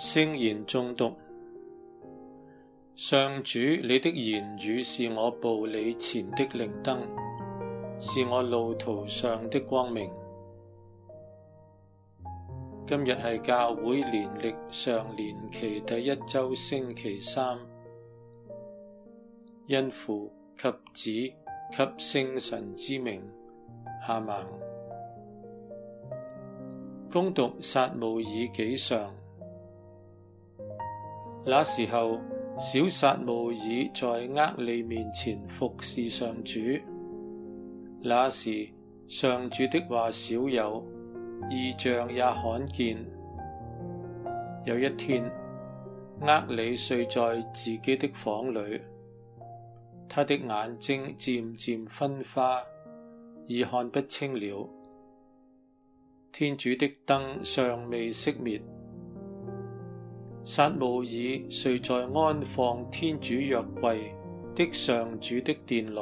聖言誦讀。上主，你的言語是我步履前的靈燈，是我路途上的光明。今日係教會年曆常年期第一週星期三，因父及子及聖神之名，阿門。恭讀撒慕爾紀上。那時候，小撒慕爾在厄里面前服侍上主。那時，上主的話少有，異象也罕見。有一天，厄里睡在自己的房裏，他的眼睛漸漸昏花，已看不清了。天主的燈尚未熄滅。撒慕爾睡在安放天主約櫃的上主的殿內，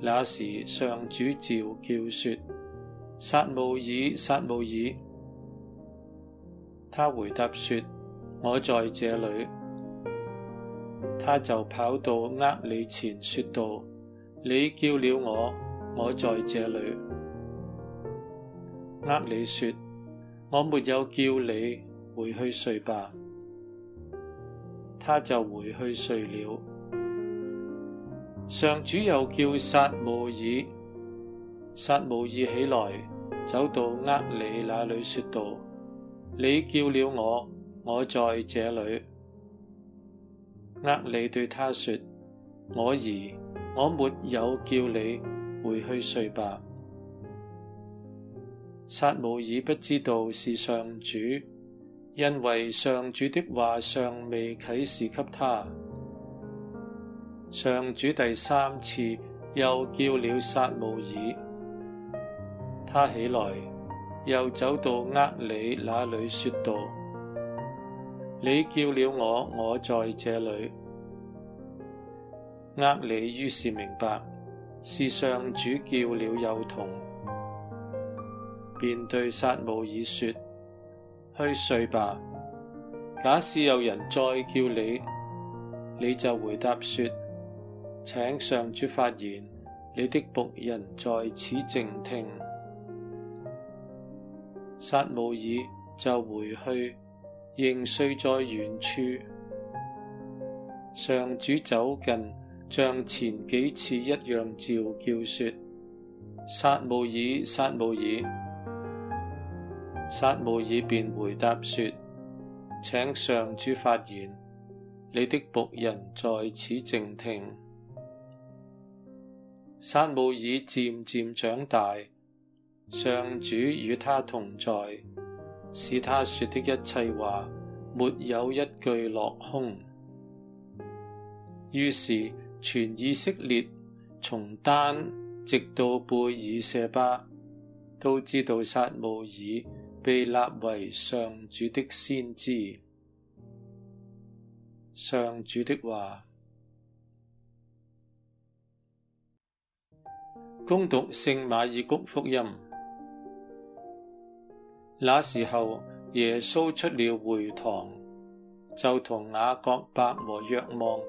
那時上主召叫說：撒慕爾，撒慕爾。他回答說：我在這裏。他就跑到厄里前說道：你叫了我，我在這裏。厄里說：我沒有叫你。回去睡吧，他就回去睡了。上主又叫撒慕爾，撒慕爾起來，走到厄里那裏，說道：你叫了我，我在這裏。厄里對他說：我兒，我沒有叫你，回去睡吧。撒慕爾不知道是上主。因為上主的話尚未啟示給他，上主第三次又叫了撒慕爾，他起來，又走到厄里那裏，說道：你叫了我，我在這裏。厄里於是明白，是上主叫了幼童，便對撒慕爾說。去睡吧。假使有人再叫你，你就回答說：請上主發言，你的僕人在此靜聽。撒慕爾就回去，仍睡在原處。上主走近，像前幾次一樣召叫說：撒慕爾，撒慕爾。撒慕爾便回答說：請上主發言，你的僕人在此靜聽。撒慕爾漸漸長大，上主與他同在，使他說的一切話，沒有一句落空。於是全以色列從丹直到貝爾舍巴，都知道撒慕爾。被立為上主的先知，上主的話。恭讀聖馬爾谷福音。那時候，耶穌出了會堂，就同雅各伯和若望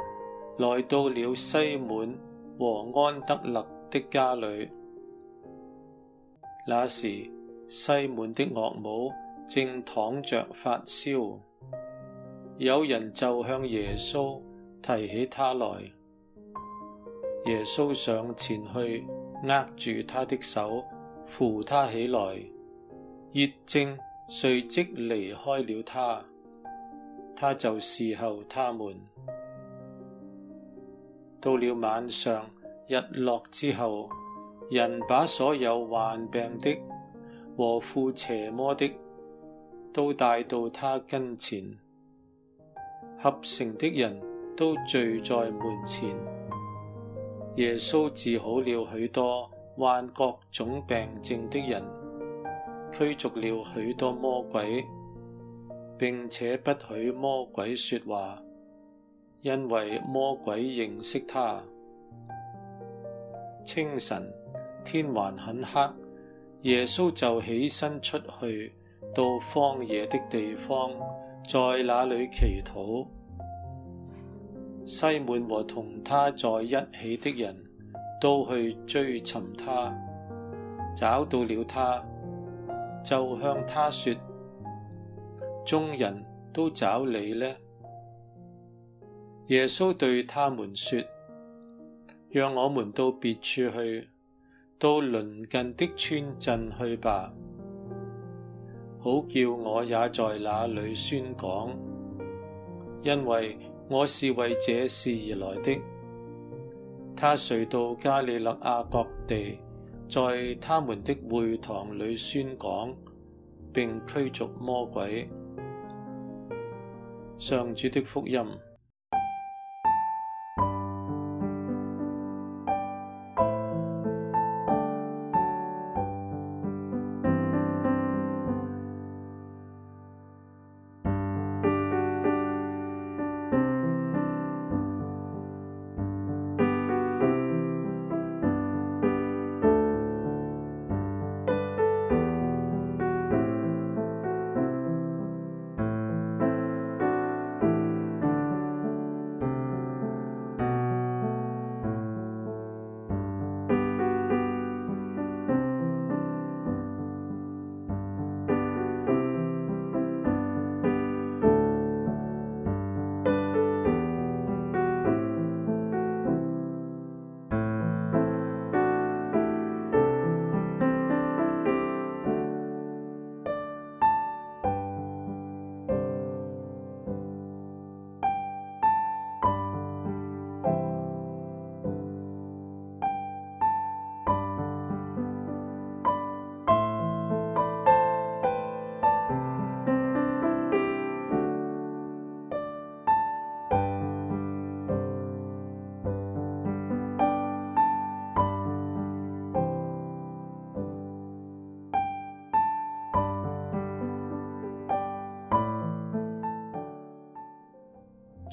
來到了西滿和安德肋的家裏。那時，西門的岳母正躺着發燒，有人就向耶穌提起他來。耶穌上前去，握住他的手，扶他起來，熱症隨即離開了他。他就侍候他們。到了晚上，日落之後，人把所有患病的。和附邪魔的都帶到他跟前，合城的人都聚在門前。耶穌治好了許多患各種病症的人，驅逐了許多魔鬼，並且不許魔鬼說話，因為魔鬼認識他。清晨，天還很黑。耶穌就起身出去，到荒野的地方，在那裏祈禱。西滿和同他在一起的人都去追尋他，找到了他，就向他說：眾人都找你呢。耶穌對他們說：讓我們到別處去。到鄰近的村鎮去吧，好叫我也在那裏宣講，因為我是為這事而來的。他遂到加里肋亞各地，在他們的會堂裏宣講，並驅逐魔鬼。上主的福音。